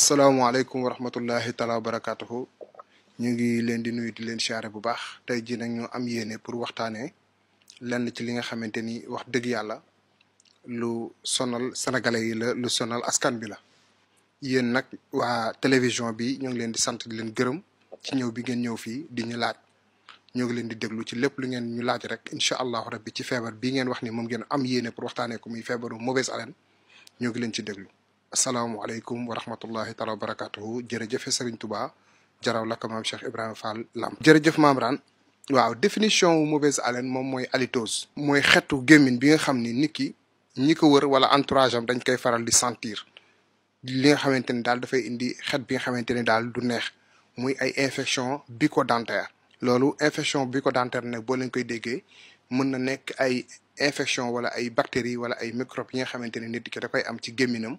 salaamaaleykum wa rahmatullahi taala wa barakaatuhu ñu ngi leen di nuyu di leen chaire bu baax tey jii nag ñu am yéene pour waxtaanee lenn ci li nga xamante ni wax dëgg yàlla lu sonal senegale yi la lu sonal askan bi la. yéen nag waa télévision bi ñu ngi leen di sant di leen gërëm ci ñëw bi ngeen ñëw fii di ñu laaj ñoo ngi leen di déglu ci lépp lu ngeen ñu laaj rek incha allahu rabbi ci feebar bii ngeen wax ni moom ngeen am yéene pour waxtaanee ko muy feebaru mauvaise haleine ñoo ngi leen ci déglu. السلام عليكم ورحمة الله تعالى وبركاته جرجف سرين توبا جراو لك مام شيخ إبراهيم فال لام جرجف مام واو ديفينيشن موبيز ألين مام موي أليتوز موي خطو جيمين بيان خامني نيكي نيكو ولا أنتراجم دان كي فرال دي سانتير لين خامنتين دال دفاي اندي خط بيان خامنتين دال دو نيخ موي أي إنفكشن بيكو دانتير لولو إنفكشن بيكو دانتير نك بولين كي ديجي من نك أي إنفكشن ولا أي بكتيري ولا أي ميكروب يين خامنتين نيكي دكاي أم تي جيمينم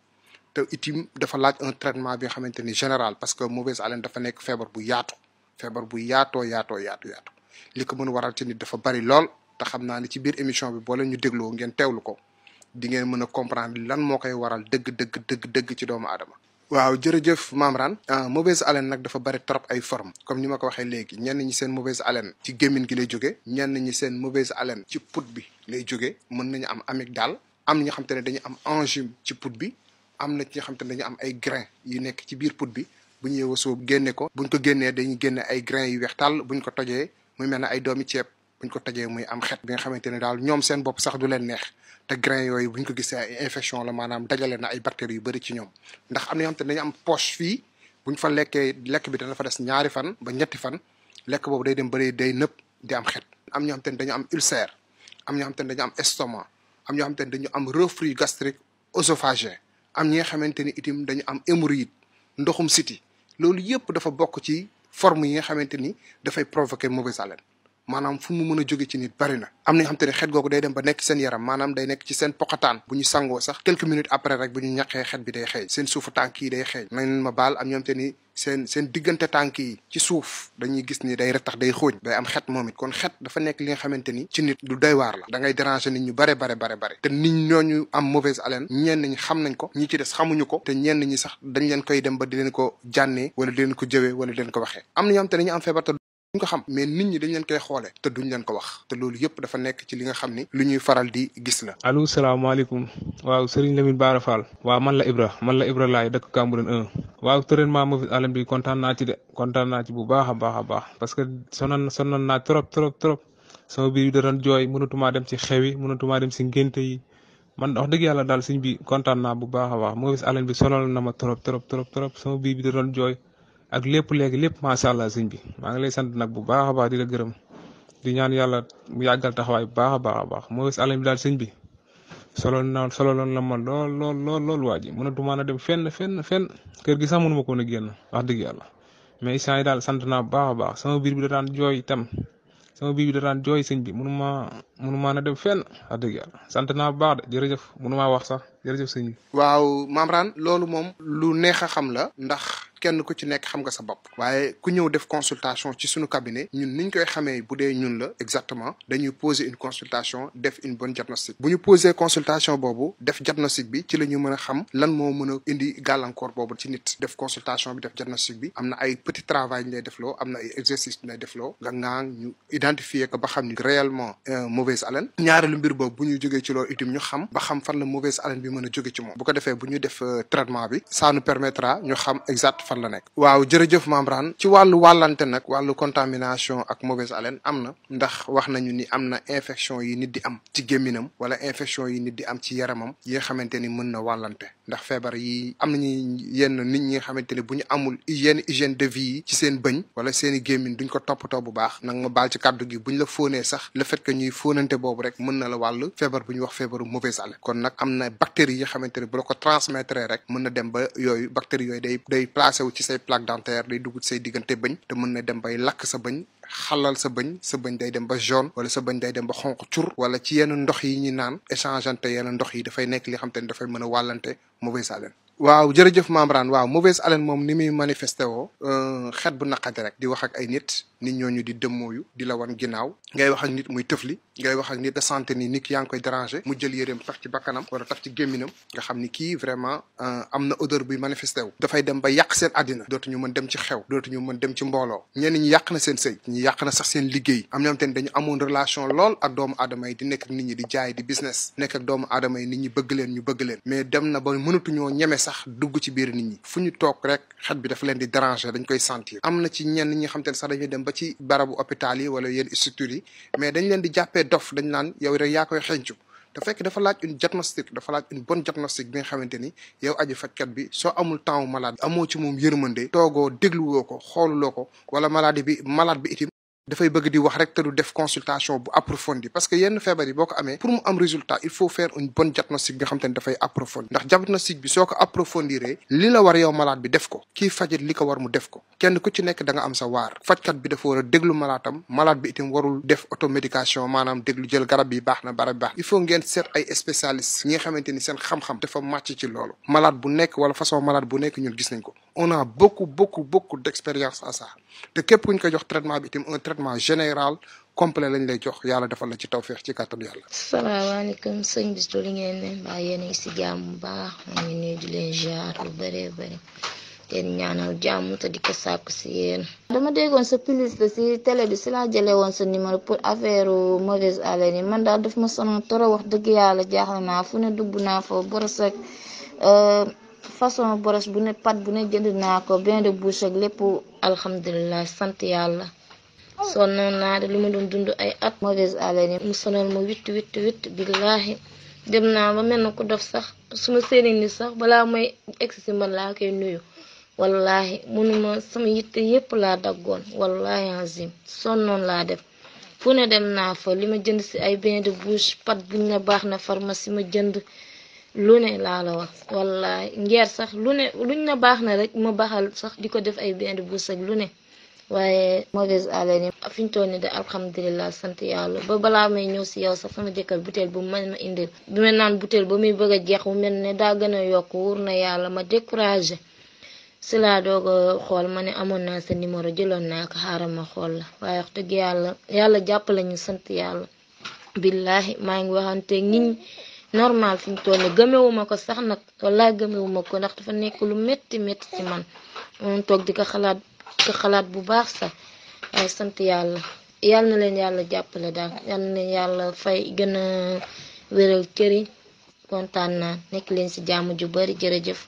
te itim dafa laaj un traitement bi nga xamante ni général parce que mauvaise haleine dafa nekk feebar bu yaatu feebar bu yaatoo yaatoo yaatu yaatu li ko mën waral te nit dafa bari lool te xam naa ne ci biir émission bi boo leen ñu dégloo ngeen teewlu ko di mën a comprendre lan moo koy waral dëgg dëgg dëgg ci doomu aadama. waaw jërëjëf Mamran ah, mauvaise haleine nag dafa bari trop ay forme comme ni ma ko waxee léegi ñenn ñi seen mauvaise haleine ci gémmiñ gi lay jóge ñenn ñi seen mauvaise haleine ci put bi lay jóge mën nañu am amygdale am ñi nga ne dañu am angine ci put bi am na ci nga xam dañu am ay grain yu nekk ci biir put bi bu ñu yeewoo soo génne ko buñ ko génnee dañuy génne ay grain yu weex tàll buñ ko tojee muy mel ay doomi ceeb buñ ko tojee muy am xet bi nga xamante ne daal ñoom seen bopp sax du leen neex te grain yooyu buñ ko gisee ay infection la maanaam dajale na ay bactéries yu bëri ci ñoom ndax am na yoo dañu am poche fii buñ fa lekkee lekk bi dana fa des ñaari fan ba ñetti fan lekk boobu day dem bëri day nëpp di am xet am ñoo xam dañu am ulcère am ñoo xam dañu am estomac am ñoo xam dañu am reflux gastrique œsophagien am ñi nga xamante ni itam dañu am hémorroïde ndoxum siti loolu yëpp dafa bokk ci forme yi nga xamante ni dafay provoquer mauvaise haleine maanaam fu mu mën a jóge ci nit bari na am na ñoo xam te ne xet googu day dem ba nekk seen yaram maanaam day nekk ci seen pokataan bu ñu sangoo sax quelques minutes après rek bu ñu ñaqee xet bi day xeeñ seen suufu tànk day xeeñ ma baal am ñoom te ni seen seen diggante tànk yi ci suuf dañuy gis ni day retax day xóoñ day am xet moom it kon xet dafa nekk li nga xamante ni ci nit lu doy waar la da ngay déranger nit ñu bare bare bare bare te nit ñooñu am mauvaise haleine ñenn ñi xam nañ ko ñi ci des xamuñu ko te ñenn ñi sax dañ leen koy dem ba di leen ko jànnee wala den leen ko jëwee wala den ko waxee am na xam te ñu am feebar duñ ko xam mais nit ñi dañ leen koy xoole te duñ leen ko wax te loolu yëpp dafa nekk ci li nga xam ni lu ñuy faral di gis la allo salaamaaleykum waaw Serigne Lamine Bara Fall waaw man la Ibra man la Ibra laay dëkk Cambérène 1 waaw traitement Mouride bi kontaan naa ci kontaan naa ci bu baax a baax baax parce que sonoon sonoon naa trop trop trop sama bi da doon jooy mënatumaa dem ci xew yi mënatumaa dem si ngénte yi man wax dëgg yàlla daal suñ bi kontaan naa bu baax a baax Mouride Alam bi sonal na ma trop trop trop trop sama biir bi da doon jooy ak lépp léegi lépp macha allah sëñ bi maa ngi lay sant nag bu baax a baax di la gërëm di ñaan yàlla mu bu baax a baax a baax Maurice Alain bi daal sëñ bi solo na solo loon la ma lool lool lool lool waa ji mënatu maa na dem fen fen fenn kër gi sax mënu ma ko a génn wax dëgg yàlla mais instant yi daal sant naa bu baax a baax sama biir bi da daan jooy itam sama biir bi da daan jooy sëñ bi mënu maa mënu maa na dem fenn wax dëgg yàlla sant naa bu baax de jërëjëf mënu maa wax sax jërëjëf sëñ bi. waaw Mame loolu moom. lu neex a xam la ndax. kenn ku ci nekk xam nga sa bopp waaye ku ñëw def consultation ci suñu cabinet ñun niñ koy xamee bu dee ñun la exactement dañuy poser une consultation def une bonne diagnostic bu ñu poser consultation boobu def diagnostic bi ci la ñu mën a xam lan moo mën a indi gàllankoor boobu ci nit def consultation bi def diagnostic bi am na ay petit travail ñu lay def loo am na ay exercice ñu lay def loo nga ngaa ñu identifier ko ba xam ni réellement euh, mauvaise haleine ñaareelu mbir boobu bu ñu jógee ci loolu itam ñu xam ba xam fan la mauvaise haleine bi mën a jóge ci moom bu ko defee bu ñu def euh, traitement bi ça nous permettra ñu xam exact fan la nekk waaw jërëjëf membran ci wàllu wàllante nag wàllu contamination ak mauvaise haleine am na ndax wax nañu ni am na infection yi nit di am ci gémminam wala infection yi nit di am ci yaramam yi nga xamante ni mën na wàllante ndax feebar yi am nañu yenn nit ñi nga xamante ni bu ñu amul yenn hygiène de yi ci seen bëñ wala seen i gémmin duñ ko toppatoo bu baax nag ma baal ci kàddu gi buñ la fóonee sax le fait ñuy foonante boobu rek mën na la wàll feebar bu ñu wax feebaru mauvaise kon nag am na yi xamante ni bu la rek mën na dem ba yooyu coincé wu ci say plaque dentaire day dugg say diggante bëñ te mën na dem bay lakk sa bëñ xalal sa bëñ sa bëñ day dem ba jaune wala sa bëñ day dem ba xonq cur wala ci yenn ndox yi ñi naan échangeante yenn ndox yi dafay nekk li xam te ne dafay mën a wàllante mauvaise haleine waaw jërëjëf Mame Rane waaw mauvaise haleine moom ni muy manifesté woo euh, xet bu naqadi rek di wax ak ay nit nit ñooñu di dëmmooyu di la wan ginnaaw ngay wax ak nit muy tëfli ngay wax ak nit da santé nit yaa koy déranger mu jël yéreem tax ci bakkanam wala tax ci gémminam nga xam ni kii vraiment euh, am na odeur buy manifesté dafay dem ba yàq seen àddina dootuñu mën dem ci xew dootuñu mën dem ci mbooloo ñenn ñi yàq na seen sëy ñu yàq na sax seen liggéey am ñoom tamit dañu amoon relation lool ak doomu aadama yi di nekk ak nit ñi di jaay di business nekk ak doomu aadama yi nit ñi bëgg leen ñu bëgg leen mais dem na ba mënatuñoo ñeme sax dugg ci ñi fu ñu toog rek xet bi dafa leen di déranger dañ koy sentir am na ci ñenn ñi xam te dañuy dem ba ba ci barabu hôpital yi wala yenn structures yi mais dañ leen di jàppee dof dañ naan yow rek yaa koy xencu te fekk dafa laaj une diagnostic dafa laaj une bonne diagnostic bi nga xamante ni yow aji fajkat bi soo amul temps malade amoo ci moom yërmande toogoo dégluwoo ko xooluloo ko wala maladie bi bi itim dafay bëgg di wax rek te du def consultation bu approfondie parce que yenn feebar yi boo ko amee pour mu am résultat il faut faire une bonne diagnostic nga xam te ne dafay approfondir ndax diagnostic bi soo ko li la war yow malade bi def ko kii fajit li ko war mu def ko kenn ku ci nekk da nga am sa waar fajkat bi dafa war a déglu malaatam malade bi itam warul def automédication maanaam déglu jël garab yi baax na barab baax il faut ngeen seet ay spécialiste ñi nga xamante ni seen xam-xam dafa màcc ci loolu malade bu nekk wala façon malade bu nekk ñun gis nañ ko on a beaucoup beaucoup beaucoup d'expérience à ça te képp ku ñu koy jox traitement bi itam un traitement général complet lañ lay jox yàlla defal la ci tawféex ci kàttanu yàlla. salaamaaleykum sëñ bi li ngeen ne mbaa yéen a ngi si jàmm bu baax maa ngi nuyu di leen jaar lu bëree bëri te ñaanal jàmm te di ko sàkku si yéen. dama déggoon sa publicité si télé bi si laa jëlee woon sa numéro pour affaire mauvaise haleine yi man daal daf ma sonal trop wax dëgg yàlla jaaxle naa fu ne dugg naa fa boros ak. Euh, façon boros bu ne pat bu ne jënd naa ko bain de bouche ak lépp alhamdulilah sant yàlla sonnoon naa de li ma doon dund ay at mauvaise haleine mu sonal ma witt witt witt billaahi dem naa ba mel na ku dof sax su ma seeni ni sax balaa may egsi si man laa koy nuyu wallaahi mënuma sama yitte yépp laa daggoon wallaahi azim sonnoon laa def fu ne dem naa fa li ma jënd si ay bain de bouche pat buñ ne baax na pharmacie ma jënd lu ne laa la wax wallaay ngeer sax lu ne luñ na baax na rek ma baxal sax di ko def ay benn buus ak lu ne waaye mauvaise haleine fi ñu toll nii de alhamdulilah sant yàlla ba balaa may ñëw si yow sax sama jëkkër butéel bu man ma indil bi ma naan butéel ba muy bëgg a jeex bu mel ne daa a yokk wóor na yàlla ma découragé si laa doog xool ma ne amoon naa sa numéro jëloon naa ko xaaral ma xool la waaye wax dëgg yàlla yàlla jàppale ñu sant yàlla billahi maa ngi waxante nit ñi normal fi mu toll nii gëmewuma ko sax nag wallaahi gëmewuma ko ndax dafa nekk lu métti métti ci man moom toog di ko xalaat ko xalaat bu baax sax waaye sant yàlla yàlla na leen yàlla jàppale daal yàlla na leen yàlla fay gën a wéral cëriñ kontaan naa nekk leen ci jàmm ju bari jërëjëf.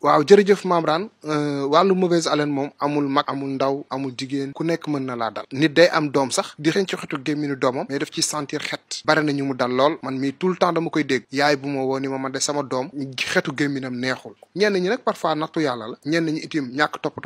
waaw jërëjëf Membrane euh, wàllu mauvaise haleine moom amul mag amul ndaw amul jigéen ku nekk mën na laa dal nit day am doom sax di xëñ ci xetu mais sentir xet bare na ñu mu dal man tout le temps dama koy yaay ma de sama doom xetu gémminam neexul ñenn ñi parfois la ñi itim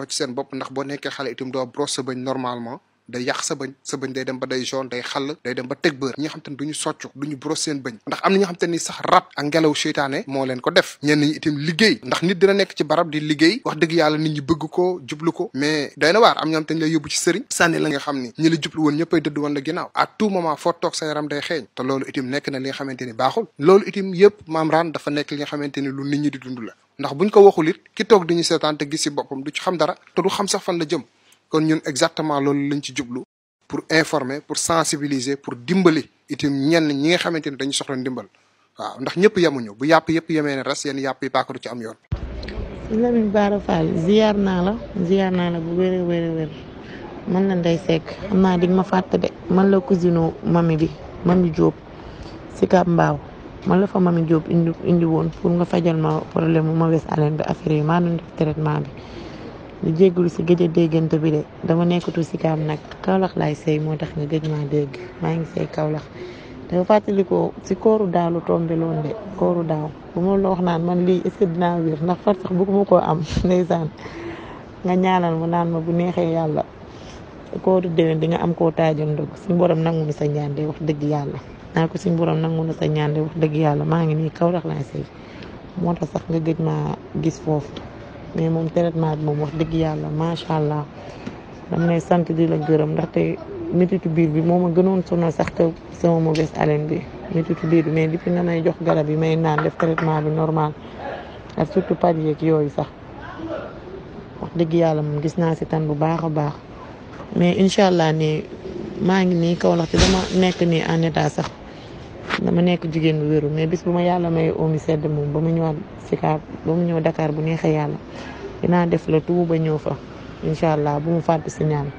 ci ndax brosse normalement day yàq sa bañ sa bañ day dem ba day jaune day xal day dem ba tek beur ñi xamanteni duñu soccu duñu bros seen bañ ndax amna na ñi xamanteni ni sax rat ak ngelaw sheytane mo leen ko def ñen ñi itim liggey ndax nit dina nek ci barab di liggey wax deug yalla nit ñi bëgg ko jublu ko mais day na waar am ñoo xam lay yóbbu ci sëriñ sané la nga xamni ñi la jublu won ñeppay dëdd won la ginaaw à tout moment fo tok sa yaram day xéñ te loolu itim nek na li nga xamanteni ni loolu itim yépp mam dafa nek li nga xamanteni lu nit ñi di dundula ndax buñ ko waxulit ki tok diñu sétante gis ci bopam du ci xam dara te du xam sax fan la jëm kon ñun exactement loolu lañ ci jublu pour informer pour sensibiliser pour dimbali itam ñenn ñi nga xamanteni dañu soxla dimbal waaw ndax ñëpp yamuñu bu yàpp yëpp yemee ne ras yenn yàpp yi paakatu ci am yoon lamine baara fall ziar naa la ziar naa la bu wér wér wér man la ndey sekk xam naa di ma fàtte de man la cousine mami bi mami job, si kab mbaaw man la fa mami job, indi indi woon pour nga fajal ma problème ma wes alen bi affaire yi maa doon def traitement bi li jégalu ci gëj a déggante bi de dama nekkatul si kaam nag Kaolack laay sëy moo tax nga gëj maa dégg maa ngi sëy Kaolack dafa fàttalikoo si kooru daaw lu tombé loon de kooru bu ma la wax naan man lii est ce que bëgguma koo am ndeysaan nga ñaanal mu naan ma bu neexee yàlla kooru déwén di nga am koo taajoon dëgg suñu borom nangu na sa ñaan wax dëgg yàlla naa ko suñu borom nangu na sa ñaan wax dëgg yàlla maa ngi nii Kaolack laay sëy moo tax sax nga gëj maa gis foofu. mais moom traitement bi moom wax dëgg yàlla macha allah dam lay sant di la gërëm ndaxte métitu biir bi moo ma gënoon sonal sax que sama mauvaise haleine bi métitu biir bi mais depuis na may jox garab yi may naan def traitement bi normal ak surtout paj yeeg yooyu sax wax dëgg yàlla moom gis naa si tan bu baax a baax mais incha allah nii maa ngi nii kaw ndaxte dama nekk nii en sax dama nekk jigéen bu wéru mais bis bu ma yàlla may omi sedd moom ba mu ñëwaat Sicap ba mu ñëw dakaar bu neexee yàlla dinaa def la tout ba ñëw fa incha allah bu mu fàtte si ñaan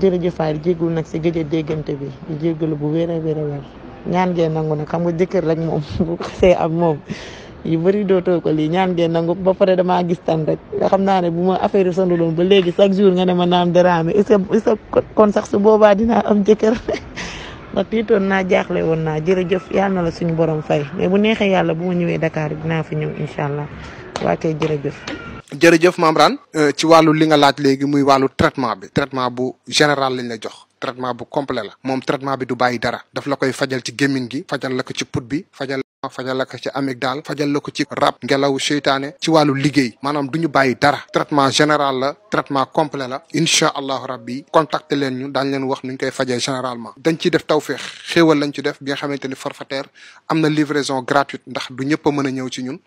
jërëjëf Aliou jéggul nag si gëj a déggante bi di jéggalu bu wér a ñaan ngeen nangu nag xam nga jëkkër rek moom bu xasee am moom yu bëri dootoo ko lii ñaan ngeen nangu ba pare damaa gis tan rek nga xam naa ne bu ma affaire sonaloon ba léegi chaque jour nga ne ma naam daraame est-ce que kon sax su boobaa dinaa am jëkkër. ndax tiitoon naa jaaxle woon naa jërëjëf yal na la suñu borom fay mais bu neexee yàlla bu ma ñëwee Dakar dinaa fi ñëw incha allah waa kay jërëjëf. jërëjëf Mame Rane. Euh, ci wàllu li nga laaj léegi muy wàllu traitement bi. traitement bu général lañ la jox. traitement bu complet la moom traitement bi du bàyyi dara daf la koy fajal ci gémmiñ gi fajal la ko ci put bi fajal fajal la ko ci amygdale fajal la ko ci rab ngelaw seytaane ci wàllu liggéey maanaam du ñu bàyyi dara traitement général la traitement complet la incha allahu rabbi contacter leen ñu daañ leen wax nu ñu koy fajee généralement dañ ciy def tawféex xéewal lañ ci def bi nga xamante ni forfaitaire am na livraison gratuite ndax du ñëpp mën a ñëw ci ñun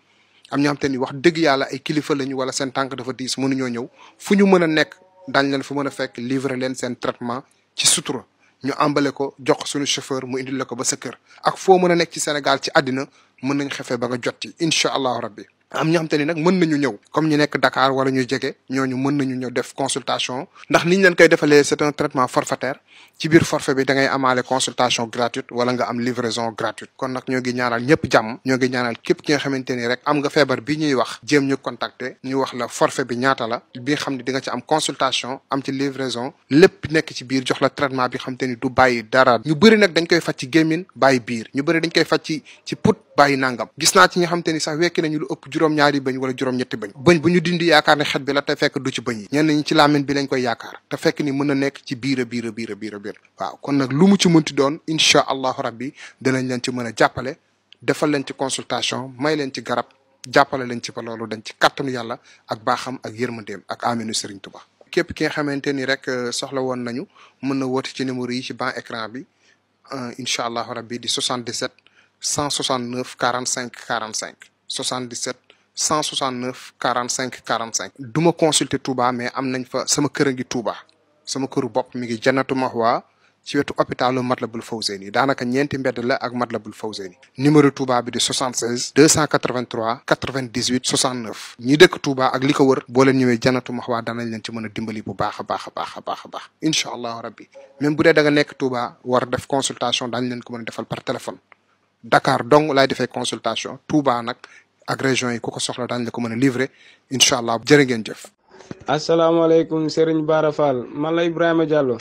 am ñoo xam te ni wax dëgg yàlla ay kilifa lañu wala seen tànk dafa diis mënuñoo ñëw fu ñu mën a nekk daañ leen fu mën a fekk livrer leen seen traitement ci sutura ñu àmbale ko jox suñu chauffeur mu indi lako ba sa kër ak fo mëna nek ci Sénégal ci adina mën nañ xefé ba nga jotti inshallah rabbi am ñoo xamanteni nak ni nag mën nañu ñëw comme ñu nekk Dakar wala ñu jege ñoñu mën nañu ñëw def consultation ndax niñ leen koy defalee c'est un traitement forfaitaire ci biir forfait bi da ngay amalé consultation gratuite wala nga am livraison gratuite kon nak ñoo ngi ñaanal ñëpp jàmm ñoo ñaanal képp ki nga xamanteni rek am nga fièvre bi ñuy wax jëm ñu contacter ñu wax la forfait bi ñaata la bi nga xam di nga ci am consultation am ci livraison lepp nekk ci biir jox la traitement bi xamanteni du bàyyi dara ñu bëri nak dañ koy faj ci gémmin biir ñu bëri dañ koy faj ci ci put bàyyi nangam gis na ci nga xamanteni ni sax wekki nañu lu ëpp juróom-ñaari bëñ wala juróom-ñetti bëñ bëñ bu ñu dindi yaakaar ne xet bi la te fekk du ci bëñ yi ñenn ñi ci làmmiñ bi lañ koy a nekk ci biir a biir a biir a kon nag lu mu ci mënti doon incha allahu rabbi danañ leen ci mën a jàppale defal leen ci consultation may leen ci garab jàppale leen ci ba loolu dañ ci kàttanu yàlla ak baaxam ak yërmandeem ak aminu Serigne Touba. képp ki nga xamante ni rek euh, soxla woon nañu mën na woote ci numéro yi ci ban écran bi euh, incha allahu rabbi di 77 169 45 45 77 169 45 45. du ma consulter Touba mais am nañ fa sama kër a ngi Touba sama këru bop mi ngi Jannatu Mahwa ci wetu hôpitalu Matlaboul fawzeni danaka ñenti mbedd la ak Matlaboul fawzeni numéro Touba bi di 76 283 98 69 ñi dëkk Touba ak liko wër bo leen ñëwé Jannatu Mahwa danañ leen ci mëna a dimbali bu baax a baax a baax inshallah rabbi même bu dee da nga nekk Touba war def consultation dañ leen ko mëna defal par téléphone Dakar dong laay defé consultation Touba nak ak région yi ku ko soxla daañu la ko mën a livrer incha allah jërë ngeen jëf. asalaamaaleykum Serigne Bara Fall man la Ibrahima Diallo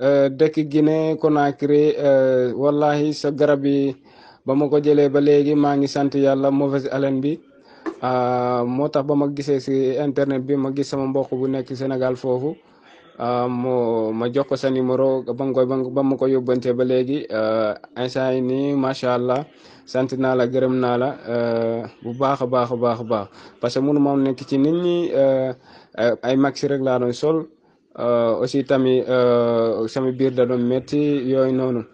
euh, dëkk Guinée Conakry euh, wallahi sa garab yi ba ma ko jëlee ba léegi maa ngi sant yàlla mauvaise haleine bi euh, moo tax ba ma gisee si internet bi ma gis sama mbokk bu nekk Sénégal foofu. Euh, mo ma jox ko sa numéro a mu ko ba mu ko yóbbante ba léegi euh, instant yi nii macha allah sant naa la gërëm naa la euh, bu baax a baax baax baax parce que mun ma nekk ci nit ñi ay maxi rek laa doon sol aussi tamit sama biir da doon métti yooyu noonu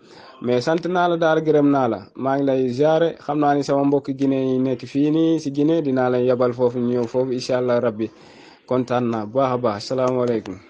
mais sant naa la daal gërëm naa la maa ngi lay ziare xam naa ni sama mbokk Guinée yi nekk fii nii si Guinée dinaa lay yabal foofu ñëw foofu incha allah rabbi kontaan naa bu baax a baax salaamaaleykum.